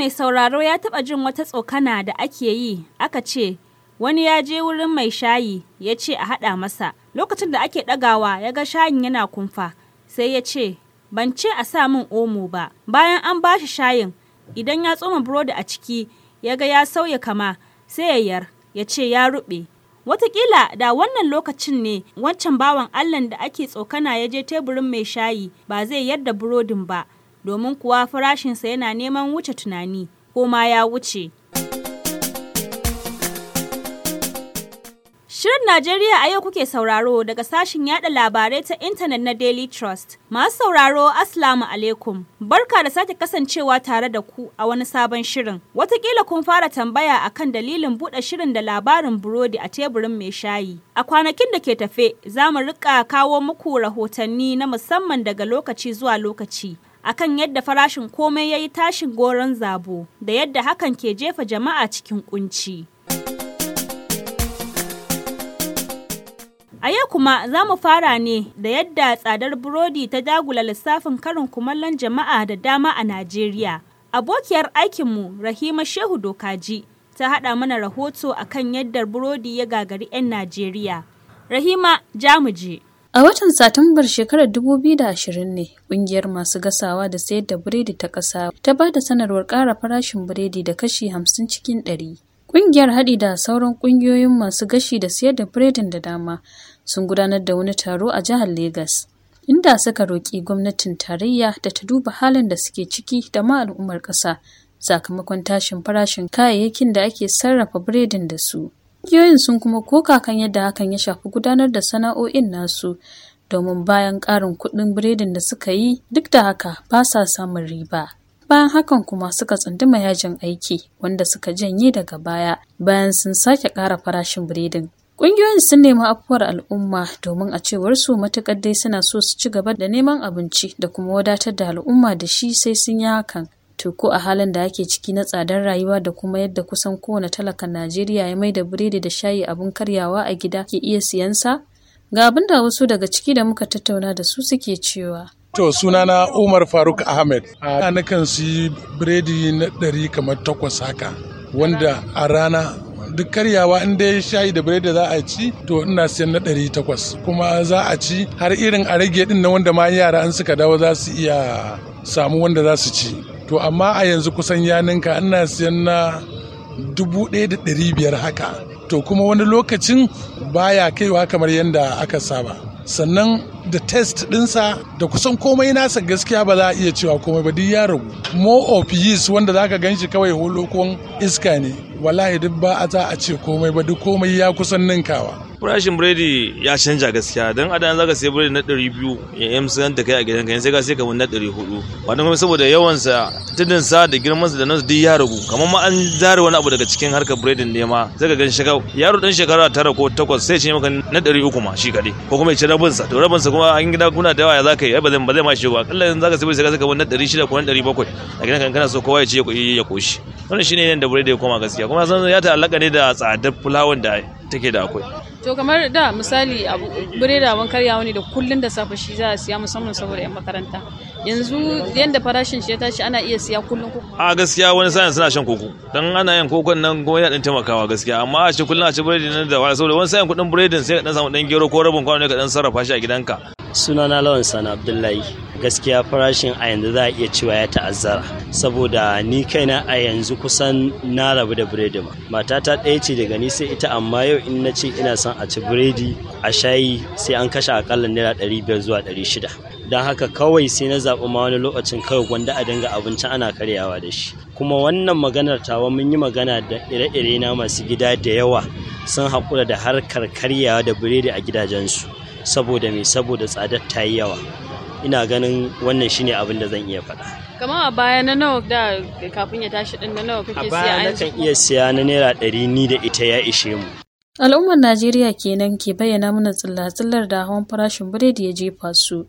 mai sauraro ya taba jin wata tsokana da ake yi, aka ce, wani ya je wurin mai shayi ya ce a haɗa masa. Lokacin da ake ɗagawa ya ga shayin yana kumfa, sai ya ce, ban ce a sa min omo ba. Bayan an ba shi shayin, idan ya tsoma burodi a ciki, ya ga ya sauya kama, sai ya yar, ya ce ya ruɓe. Wataƙila da wannan lokacin ne wancan bawan Allahn da ake tsokana ya je teburin mai shayi ba zai yadda burodin ba. domin kuwa farashinsa yana neman wuce tunani ko ma ya wuce. Shirin Najeriya a yau kuke sauraro daga sashin yada labarai ta intanet na Daily Trust. Masu sauraro Aslamu alaikum. Barka da sake kasancewa tare da ku a wani sabon shirin. Wataƙila kun fara tambaya akan dalilin buɗe shirin da labarin burodi a teburin mai shayi. A kwanakin da ke tafe, za mu riƙa kawo muku rahotanni na musamman daga lokaci zuwa lokaci. akan yadda farashin komai ya yi tashin goron zabo da yadda hakan ke jefa jama'a cikin kunci. A yau kuma za mu fara ne da yadda tsadar burodi ta dagula lissafin karin kumallon jama'a da dama a Najeriya. Abokiyar aikinmu Rahima Shehu Dokaji ta haɗa mana rahoto akan yadda burodi ya gagari 'yan Najeriya. Rahima Jamuje. A watan Satumbar shekarar 2020 ne ƙungiyar masu gasawa da sayar da biredi ta ƙasa ta ba da sanarwar ƙara farashin biredi da kashi hamsin cikin ɗari. Ƙungiyar haɗi da sauran ƙungiyoyin masu gashi da sayar da biredin da dama sun gudanar da wani taro a jihar Legas. Inda suka roƙi gwamnatin tarayya da ta duba halin da suke ciki da ma al'ummar ƙasa sakamakon tashin farashin kayayyakin da ake sarrafa biredin da su. Ƙungiyoyin sun kuma koka kan yadda hakan ya shafi gudanar da sana'o'in nasu, domin bayan ƙarin kuɗin biredin da suka yi, duk da haka ba sa samun riba. Bayan hakan kuma suka tsunduma yajin aiki wanda suka janye daga baya bayan sun sake ƙara farashin biredin. Ƙungiyoyin sun nemi afuwar al'umma domin a cewar su matuƙar dai suna so su ci gaba da neman abinci da kuma wadatar da al'umma da shi sai sun yi hakan. to a halin da ake ciki na tsadar rayuwa da kuma yadda kusan kowane talakan Najeriya ya mai da biredi da shayi abun karyawa a gida ke iya siyansa? Ga abin da wasu daga ciki da muka tattauna da su suke cewa. To sunana Umar Faruk Ahmed. A nakan yi biredi na ɗari kamar takwas haka wanda a rana duk karyawa in dai shayi da biredi za a ci to ina siyan na ɗari takwas kuma za a ci har irin a rage ɗin na wanda ma yara an suka dawo za su iya samu wanda za su ci. to amma a yanzu kusan ya ninka ana siyan na dubu da ɗari biyar haka to kuma wani lokacin baya kaiwa kamar yadda aka saba sannan da test ɗinsa da kusan komai nasa gaskiya ba za a iya cewa komai ba duk ya ragu more of yeast wanda zaka gan shi kawai holokon iska ne wallahi duk ba a za a ce komai ba duk komai ya kusan ninkawa farashin biredi ya canja gaskiya don za zaka sai biredi na 200 ya yamsa da kai a gidan ka sai ka sai kamar na 400 wannan kuma saboda yawansa sa tudin sa da girman sa da nan duk ya ragu kamar ma an zare wani abu daga cikin harkar biredin ne ma sai ka gan shiga yaro dan shekara tara ko takwas sai ce maka na 300 ma shi kadai ko kuma ya ci rabin sa to rabin sa kuma an gida kuna da yawa ya zaka yi ba zai ba zai ma shi ba kallon za zaka sai sai ka sai kamar na 600 ko na 700 a gidan kan kana so kowa ya ci ya koshi wannan shine da biredi ya koma gaskiya kuma san ya alaka ne da tsadar fulawan da take da akwai to kamar da misali a bireda ban karya wani da kullun da safe shi za a siya musamman saboda yan makaranta yanzu yadda farashin shi ya tashi ana iya siya kullun koko a gaskiya wani sa'in suna shan koko dan ana yin kokon nan kuma yana dan taimakawa gaskiya amma a shi kullun a ci biredi nan da wani saboda wani sa'in kudin biredin sai ka dan samu dan gero ko rabin kwano ne ka dan sarrafa shi a gidanka sunana lawan sana abdullahi gaskiya farashin a yanzu za a iya cewa ya ta'azzara saboda ni kaina a yanzu kusan na rabu da biredi ma matata ɗaya ce daga ni sai ita amma yau in na ce ina son a ci biredi a shayi sai an kashe akalla naira ɗari biyar zuwa ɗari shida don haka kawai sai na zaɓi ma wani lokacin kawai gwanda a dinga abinci ana karyawa da shi kuma wannan maganar tawa mun yi magana da ire-ire na masu gida da yawa sun haƙura da harkar karyawa da biredi a gidajensu saboda me saboda tsadar ta yi yawa ina ganin wannan shine abin da zan iya faɗa kama a baya na nawa da kafin ya tashi din na nawa kake siya a baya kan iya siya na naira ɗari ni da ita ya ishe mu al'ummar najeriya kenan ke bayyana mana tsillatsillar da hawan farashin biredi ya jefa su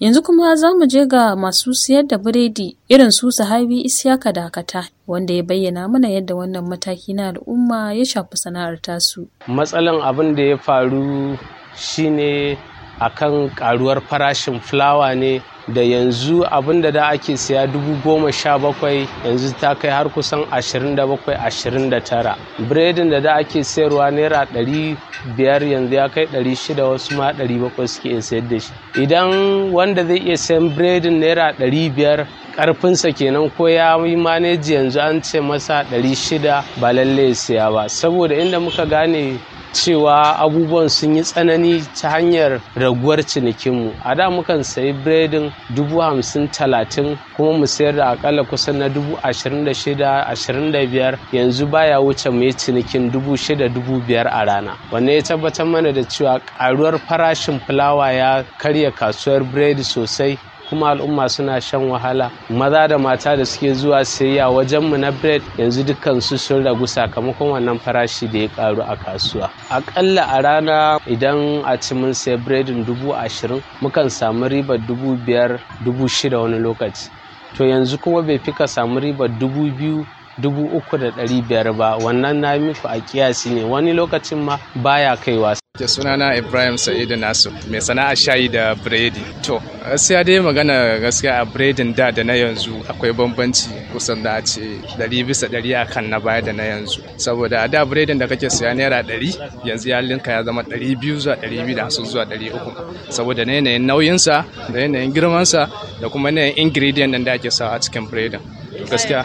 Yanzu kuma za mu je ga masu siyar da biredi irin su sahabi Isyaka Dakata wanda ya bayyana mana yadda wannan mataki na al'umma ya shafi sana'ar tasu. Matsalan abin da ya faru shine akan karuwar farashin fulawa ne da yanzu abin da ake siya dubu goma sha bakwai yanzu ta kai har kusan ashirin da bakwai ashirin da tara biredin da da ake sayarwa naira ɗari biyar yanzu ya kai ɗari shida wasu ma ɗari bakwai suke iya sayar da shi idan wanda zai iya sayan biredin naira ɗari biyar karfinsa kenan ko ya yi maneji yanzu an ce masa ɗari shida ba lallai ya siya ba saboda inda muka gane cewa abubuwan sun yi tsanani ta hanyar raguwar cinikinmu a da mukan sayi biredin dubu hamsin talatin kuma mu sayar da akalla kusan na dubu ashirin da shida ashirin da biyar yanzu baya wuce mu cinikin dubu shida dubu biyar a rana wanne ya tabbatar mana da cewa karuwar farashin fulawa ya karya kasuwar biredi sosai kuma al'umma suna shan wahala maza da mata da suke zuwa sayayya wajen mu na bread yanzu dukansu su sun ragu sakamakon wannan farashi da ya karu a kasuwa akalla a rana idan a ci mun sai biredin dubu ashirin mukan samu ribar dubu biyar dubu shida wani lokaci to yanzu kuma bai fika samu ribar dubu biyu dubu uku da ɗari biyar ba wannan na miku a kiyasi ne wani lokacin ma baya kaiwa Ke sunana Ibrahim Sa'idu Nasu mai sana'a shayi da biredi. To, gaskiya dai magana gaskiya a biredin da da na yanzu akwai bambanci kusan da a ce ɗari bisa ɗari a kan na baya da na yanzu. Saboda a da biredin da kake siya naira ɗari yanzu ya linka ya zama ɗari biyu zuwa ɗari biyu da zuwa ɗari uku. Saboda na yanayin nauyinsa da yanayin girmansa da kuma yanayin ingredient da ake sawa a cikin biredin. to gaskiya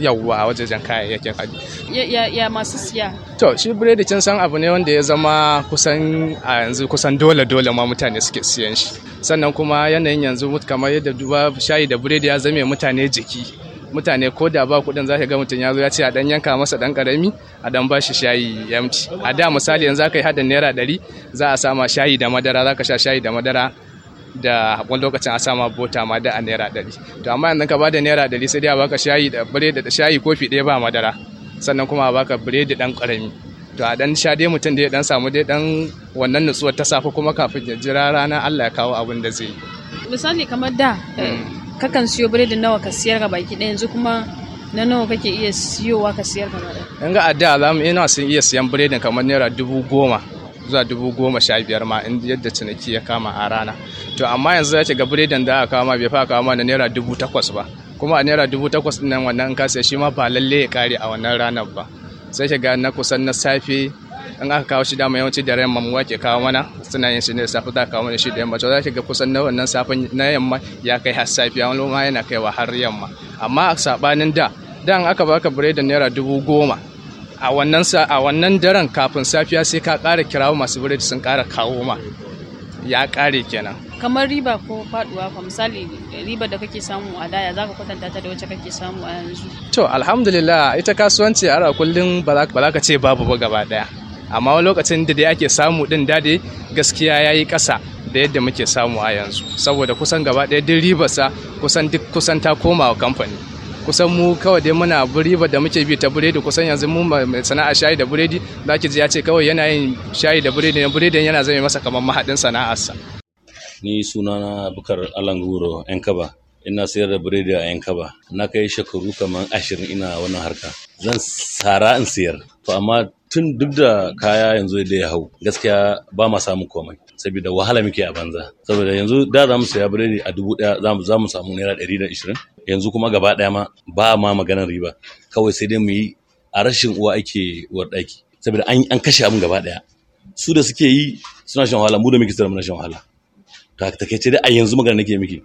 yawwa wajajen kayayyakin haɗi ya masu siya to shi biredi kin san abu ne wanda ya zama kusan a yanzu kusan dole dole ma mutane suke siyan shi sannan kuma yanayin yanzu kamar yadda duba shayi da biredi ya zame mutane jiki mutane ko da ba kuɗin zaka ga mutum ya zo ya ce a dan yanka masa dan karami a dan bashi shayi yamci a da misali yanzu ka yi hada naira ɗari za a sama shayi da madara za ka sha shayi da madara da wani lokacin a sama bota ma da a naira ɗari to amma yanzu ka bada naira ɗari sai dai a baka shayi da biredi da shayi kofi ɗaya ba madara sannan kuma a baka biredi ɗan ƙarami to a ɗan sha dai mutum dai ɗan samu dai ɗan wannan nutsuwar ta safe kuma kafin ya jira rana Allah ya kawo abin da zai yi. misali kamar da eh, hmm. kakan siyo biredi nawa ka siyar ga baki ɗaya yanzu kuma na nawa kake iya siyowa ka siyar gaba ɗaya. in ga a da za mu ina sun iya siyan biredin kamar naira dubu goma zuwa dubu goma sha biyar ma in yadda ciniki ya kama a rana to amma yanzu ya ce ga biredin da aka kawo ma bai fa kawo ma da naira dubu takwas ba kuma a naira dubu takwas nan wannan in ka shi ma ba lalle ya kare a wannan ranar ba sai ki ga na kusan na safe in aka kawo shi dama yawanci da ran mamuwa ke kawo mana suna yin shi ne safe za kawo mana shi da yamma to za ki ga kusan na wannan safe na yamma ya kai har safiya lo ma yana kaiwa har yamma amma a sabanin da dan aka baka biredin naira dubu goma a wannan a wannan daren kafin safiya sai ka ƙara kirawo masu biredi sun ƙara kawo ma ya ƙare kenan kamar riba ko faduwa fa misali riba da kake samu a daya zaka kwatanta ta da wacce kake samu a yanzu to alhamdulillah ita kasuwanci a kullun ba za ka ce babu ba gaba daya amma wani lokacin da dai ake samu din dade gaskiya yayi kasa da yadda muke samu a yanzu saboda kusan gaba daya din ribarsa kusan duk kusan ta koma wa kamfani kusan mu kawai dai muna riba da muke bi ta buredi kusan yanzu mu mai sana'a shayi da buredi za ji ya ce kawai yana yin shayi da buredi ne buredin yana zame masa kamar mahadin sana'arsa Ni sunana Bukar alan Alanguro Yankaba. Ina sayar da biredi a Yankaba. Na kai shekaru kamar ashirin ina wannan harka. Zan sara in sayar. To amma tun duk da kaya yanzu da ya hau gaskiya ba ma samun komai saboda wahala muke a banza saboda yanzu da za mu saya biredi a dubu daya za mu samu naira ɗari da ishirin yanzu kuma gaba ɗaya ma ba ma maganar riba kawai sai dai mu yi a rashin uwa ake uwar ɗaki saboda an kashe abin gaba daya su da suke yi suna shan wahala mu da muke tsara muna shan wahala ta ce dai a yanzu magana nake miki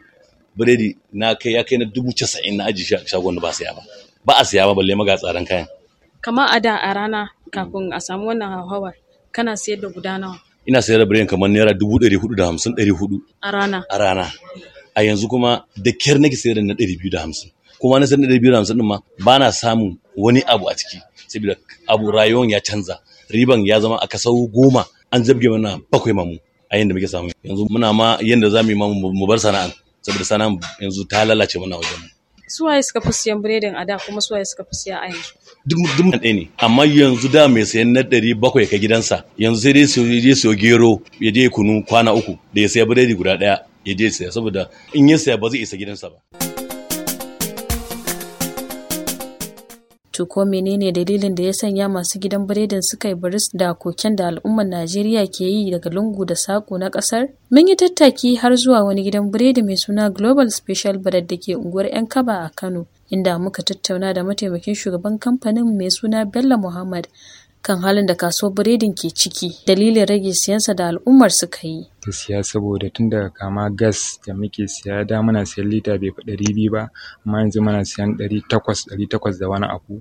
biredi na kai ya kai na dubu casa'in na aji shagon da ba saya ba ba a saya ba balle maga tsaron kayan kamar a da a rana kafin a samu wannan hauhawar kana sayar da guda nawa ina sayar da biredin kamar naira dubu ɗari hudu da hamsin ɗari hudu a rana a rana a yanzu kuma da kyar nake sayar da na ɗari biyu da hamsin kuma na sayar da ɗari biyu da hamsin ɗin ma ba na samun wani abu a ciki saboda abu rayuwar ya canza riban ya zama a kasau goma an zabge mana bakwai mamu a yanda muke samu yanzu muna ma yanda za mu yi mu bar sana'an saboda sana'an yanzu ta lalace muna wajen mu suwaye suka fi siyan biredin a da kuma suwaye suka fi siya a yanzu. Duk duk ɗaya ne amma yanzu da mai sayan na ɗari bakwai ka gidansa yanzu sai dai ya je siyo gero ya je kunu kwana uku da ya saya biredi guda ɗaya ya je saya saboda in ya saya ba zai isa gidansa ba. To ko menene dalilin da ya sanya masu gidan biredin suka yi baris da koken da al'ummar Najeriya ke yi daga lungu da saƙo na ƙasar? Mun yi tattaki har zuwa wani gidan biredi mai suna Global Special Bread da ke unguwar 'yan kaba a Kano, inda muka tattauna da mataimakin shugaban kamfanin mai suna Bello Muhammad kan halin da kasuwar biredin ke ciki dalilin rage siyansa da al'ummar suka yi. siya saboda tun daga kama gas da muke siya da muna siyan lita bai fi ɗari biyu ba amma yanzu muna siyan ɗari takwas ɗari takwas da wani abu.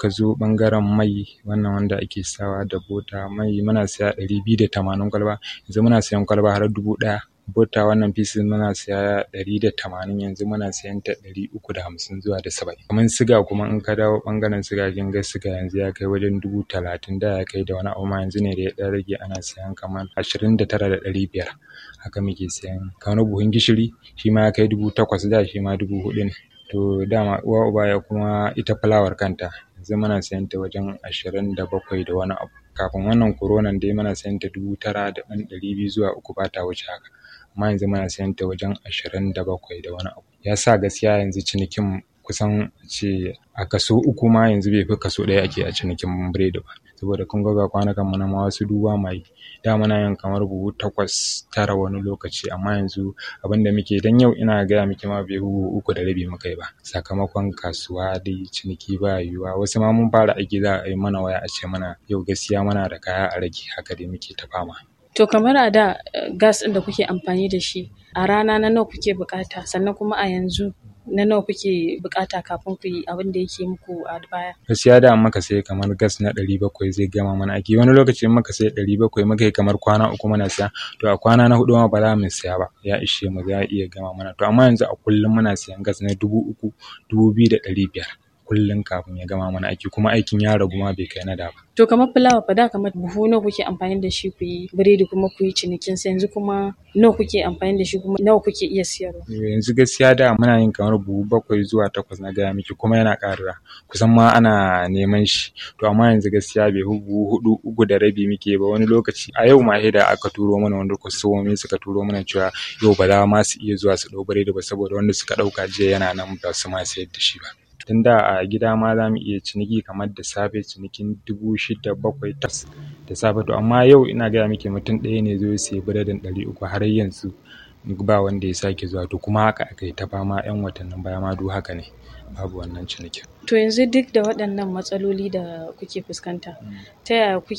Ka zo ɓangaren mai wannan wanda ake sawa da bota mai muna siya ɗari biyu da tamanin kwalba yanzu muna siyan kwalba har dubu ɗaya. Bota wannan pieces muna siya ɗari da tamanin yanzu muna siyan ta ɗari uku da hamsin zuwa da saba'in. Kamar siga kuma in ka dawo ɓangaren siga kin ga siga yanzu ya kai wajen dubu talatin da ya kai da wani abu ma yanzu ne da ya ɗan rage ana siyan kamar ashirin da tara da ɗari biyar haka muke siyan. Kamar buhun gishiri shi ma ya kai dubu takwas da shi ma dubu huɗu ne. To dama uwa uba ya kuma ita fulawar kanta yanzu muna siyan ta wajen ashirin da bakwai da wani abu. Kafin wannan koronan dai muna siyan ta dubu tara da ɗan ɗari biyu zuwa uku ba ta wuce haka. amma yanzu muna sayan ta wajen ashirin da bakwai da wani abu ya sa gaskiya yanzu cinikin kusan ce a kaso uku ma yanzu bai fi kaso ɗaya ake a cinikin biredi ba saboda kun ga kwanakan mu na ma wasu duba mai da muna yin kamar buhu takwas tara wani lokaci amma yanzu abin da muke dan yau ina gaya miki ma bai buhu uku da rabi muka yi ba sakamakon kasuwa dai ciniki ba yiwuwa wasu ma mun fara aiki za a yi mana waya a ce mana yau gaskiya muna da kaya a rage haka dai muke ta fama To kamar a da eh, gas ɗin da kuke amfani da shi a rana na nawa kuke buƙata sannan kuma a yanzu na nawa kuke buƙata kafin ku yi abin da yake muku a baya? Gaskiya da an maka sai kamar gas na ɗari bakwai zai gama mana aiki wani lokaci in maka sai ɗari bakwai muka yi kamar kwana uku muna siya to a kwana na huɗu ma ba za mu siya ba ya ishe mu za a iya gama mana to amma yanzu a kullum muna siyan gas na dubu uku dubu biyu da ɗari biyar. kullum kafin ya gama mana aiki kuma aikin ya ragu ma bai kai na da ba. To kamar fulawa fa da kamar buhu nawa kuke amfani da shi ku yi biredi kuma ku yi cinikin sa yanzu kuma nawa kuke amfani da shi kuma nawa kuke iya siyarwa. Eh, yanzu gaskiya da muna yin kamar buhu bakwai zuwa takwas na gaya miki kuma yana ƙaruwa kusan ma ana neman shi to amma yanzu gaskiya bai buhu hudu uku da rabi muke ba wani lokaci a yau ma da aka turo mana wanda wani suka turo mana cewa yau ba za ma su iya zuwa su ɗau biredi ba saboda wanda suka ɗauka jiya yana nan ba su ma sayar da shi ba. tun da a gida ma za mu iya ciniki kamar da safe cinikin dubu shida bakwai tas da safe to amma yau ina gaya miki mutum ɗaya ne zo sai biredin ɗari uku har yanzu ba wanda ya sake zuwa to kuma haka aka yi ta fama yan watannin baya ma duk haka ne babu wannan cinikin. To yanzu duk da waɗannan matsaloli da kuke fuskanta mm. ta yaya kuke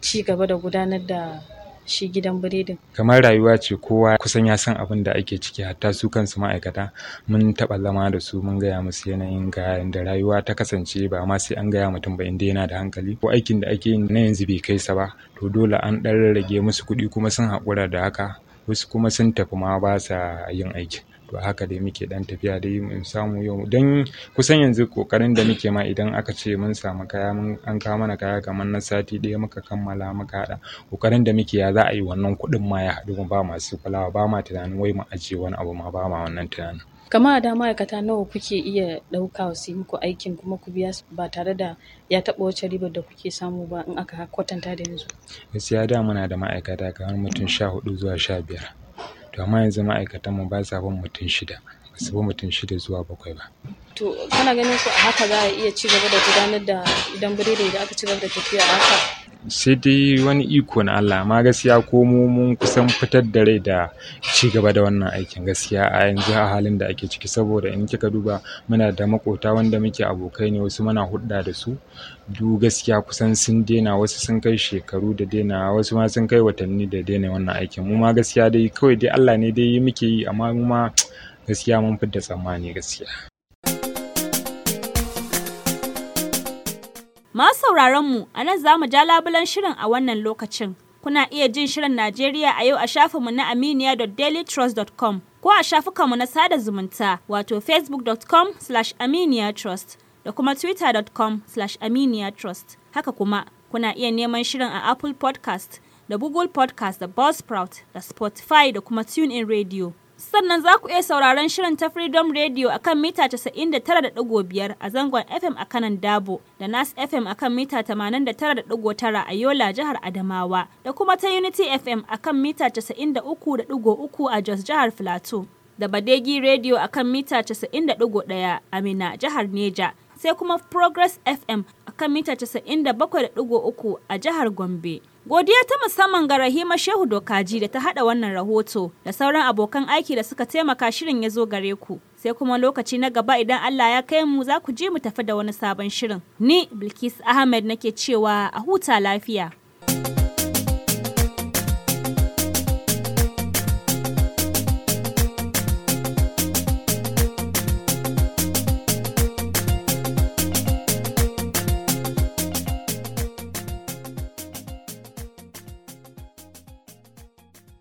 ci gaba da gudanar da shi gidan biredin. Kamar rayuwa ce kowa kusan ya san abin da ake ciki hatta su kansu ma'aikata mun taɓa zama da su mun gaya musu yanayin ga da rayuwa ta kasance ba ma sai an gaya mutum ba inda yana da hankali ko aikin da ake yi na yanzu bai kai sa ba to dole an ɗan rage musu kuɗi kuma sun haƙura da haka wasu kuma sun tafi ma ba sa yin aiki. to haka dai muke dan tafiya dai mu samu yau dan kusan yanzu kokarin da muke ma idan aka ce mun samu kaya mun an kawo mana kaya kamar na sati ɗaya muka kammala muka haɗa kokarin da muke ya za a yi wannan kuɗin ma ya haɗu ba masu kulawa ba ma tunanin wai mu ajiye wani abu ma ba ma wannan tunanin kama da ma'aikata nawa kuke iya ɗauka su yi muku aikin kuma ku biya ba tare da ya taɓa wacce ribar da kuke samu ba in aka kwatanta da yanzu gaskiya da muna da ma'aikata kamar mutum sha hudu zuwa sha biyar to amma yanzu ma'aikatan mu ba sa bin mutum shida ba bi mutum shida zuwa bakwai ba to kana ganin su a haka za a iya ci gaba da gudanar da idan biredi da aka ci gaba da tafiya a haka sai dai wani iko na Allah amma gaskiya ko mu mun kusan fitar da rai da ci gaba da wannan aikin gaskiya a yanzu a halin da ake ciki saboda in kika duba muna da makota wanda muke abokai ne wasu muna hudda da su du gaskiya kusan sun daina wasu sun kai shekaru da daina wasu ma sun kai watanni da daina wannan aikin mu ma gaskiya dai kawai dai Allah ne dai muke yi amma mu ma gaskiya mun fitar tsammani gaskiya Masu sauraron mu a nan za mu ja labulan shirin a wannan lokacin. Kuna iya jin shirin Najeriya a yau a shafinmu na aminiya.dailytrust.com ko a shafukanmu na sada zumunta wato facebook.com slash aminiyatrust da kuma twitter.com slash aminiyatrust. Haka kuma kuna iya neman shirin a Apple podcast da Google podcast da Buzzsprout da Spotify da kuma in Radio. sannan za ku iya sauraron shirin ta Freedom Radio a kan mita 99.5 a zangon FM a kanan Dabo da Nas FM a kan mita 89.9 a Yola jihar Adamawa da kuma ta Unity FM a kan mita 93.3 a Jos jihar Filato da Badegi Radio a kan mita 91.1 a Mina jihar Neja sai kuma Progress FM a kan mita 97.3 a jihar Gombe. Godiya ta musamman ga Rahima Shehu Dokaji da ta haɗa wannan rahoto da sauran abokan aiki da suka taimaka shirin ya zo gare ku. Sai kuma lokaci na gaba idan Allah ya kai mu za ku je mu tafi da wani sabon shirin. Ni Bilkis Ahmed nake cewa a huta lafiya.